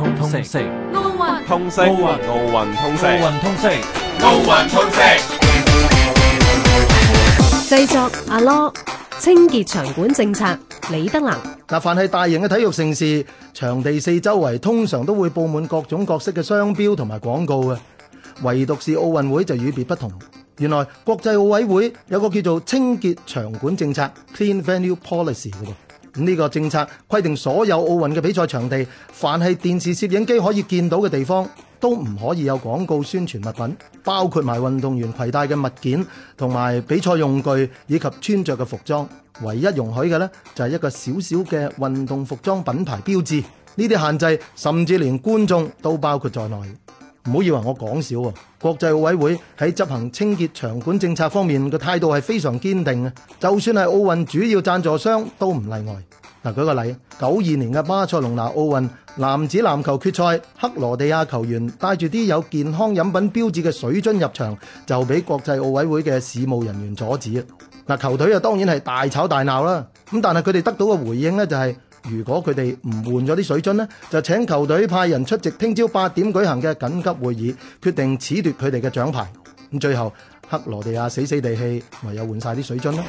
通通奧運，奧運，奧運通奧運通奧運通。製作阿 Lo，清潔場館政策，李德能。嗱，凡係大型嘅體育盛事，場地四周圍通常都會佈滿各種各式嘅商標同埋廣告嘅，唯獨是奧運會就與別不同。原來國際奧委會有個叫做清潔場館政策 （Clean Venue Policy） 嗰咁、這、呢個政策規定，所有奧運嘅比賽場地，凡係電視攝影機可以見到嘅地方，都唔可以有廣告宣傳物品，包括埋運動員攜帶嘅物件，同埋比賽用具以及穿着嘅服裝。唯一容許嘅呢，就係一個小小嘅運動服裝品牌標誌。呢啲限制，甚至連觀眾都包括在內。唔好以為我講笑啊，國際奧委會喺執行清潔場館政策方面嘅態度係非常堅定嘅，就算係奧運主要贊助商都唔例外。嗱舉個例，九二年嘅巴塞隆拿奧運男子籃球決賽，克羅地亞球員帶住啲有健康飲品標誌嘅水樽入場，就俾國際奧委會嘅事務人員阻止。嗱球隊啊當然係大吵大鬧啦，咁但係佢哋得到嘅回應呢就係、是。如果佢哋唔換咗啲水樽呢就請球隊派人出席聽朝八點舉行嘅緊急會議，決定褫奪佢哋嘅獎牌。咁最後，克羅地亞死死地氣，唯有換晒啲水樽啦。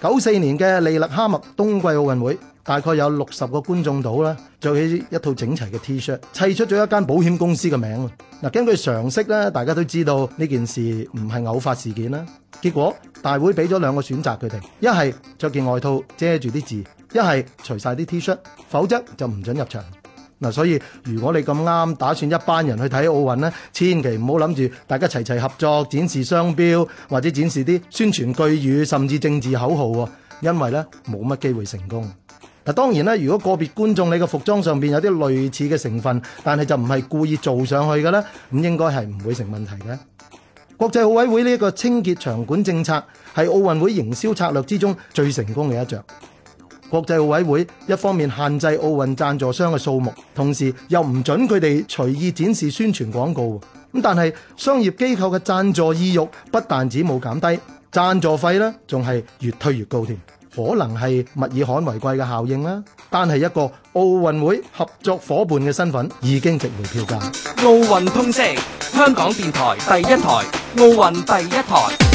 九四年嘅利勒哈默冬季奧運會。大概有六十個觀眾到啦，著起一套整齊嘅 T-shirt，砌出咗一間保險公司嘅名。嗱，根據常識咧，大家都知道呢件事唔係偶發事件啦。結果大會俾咗兩個選擇佢哋，一係著件外套遮住啲字，一係除晒啲 T-shirt，否則就唔准入場。嗱，所以如果你咁啱打算一班人去睇奧運咧，千祈唔好諗住大家齊齊合作展示商標或者展示啲宣傳句語甚至政治口號喎，因為咧冇乜機會成功。嗱，當然啦，如果個別觀眾你個服裝上邊有啲類似嘅成分，但係就唔係故意做上去嘅咧，咁應該係唔會成問題嘅。國際奧委會呢一個清潔場館政策係奧運會營銷策略之中最成功嘅一着。國際奧委會一方面限制奧運贊助商嘅數目，同時又唔準佢哋隨意展示宣傳廣告。咁但係商業機構嘅贊助意欲不但止冇減低，贊助費咧仲係越推越高添。可能係物以罕為貴嘅效應啦，單係一個奧運會合作夥伴嘅身份已經值回票價。奧運通識，香港電台第一台，奧運第一台。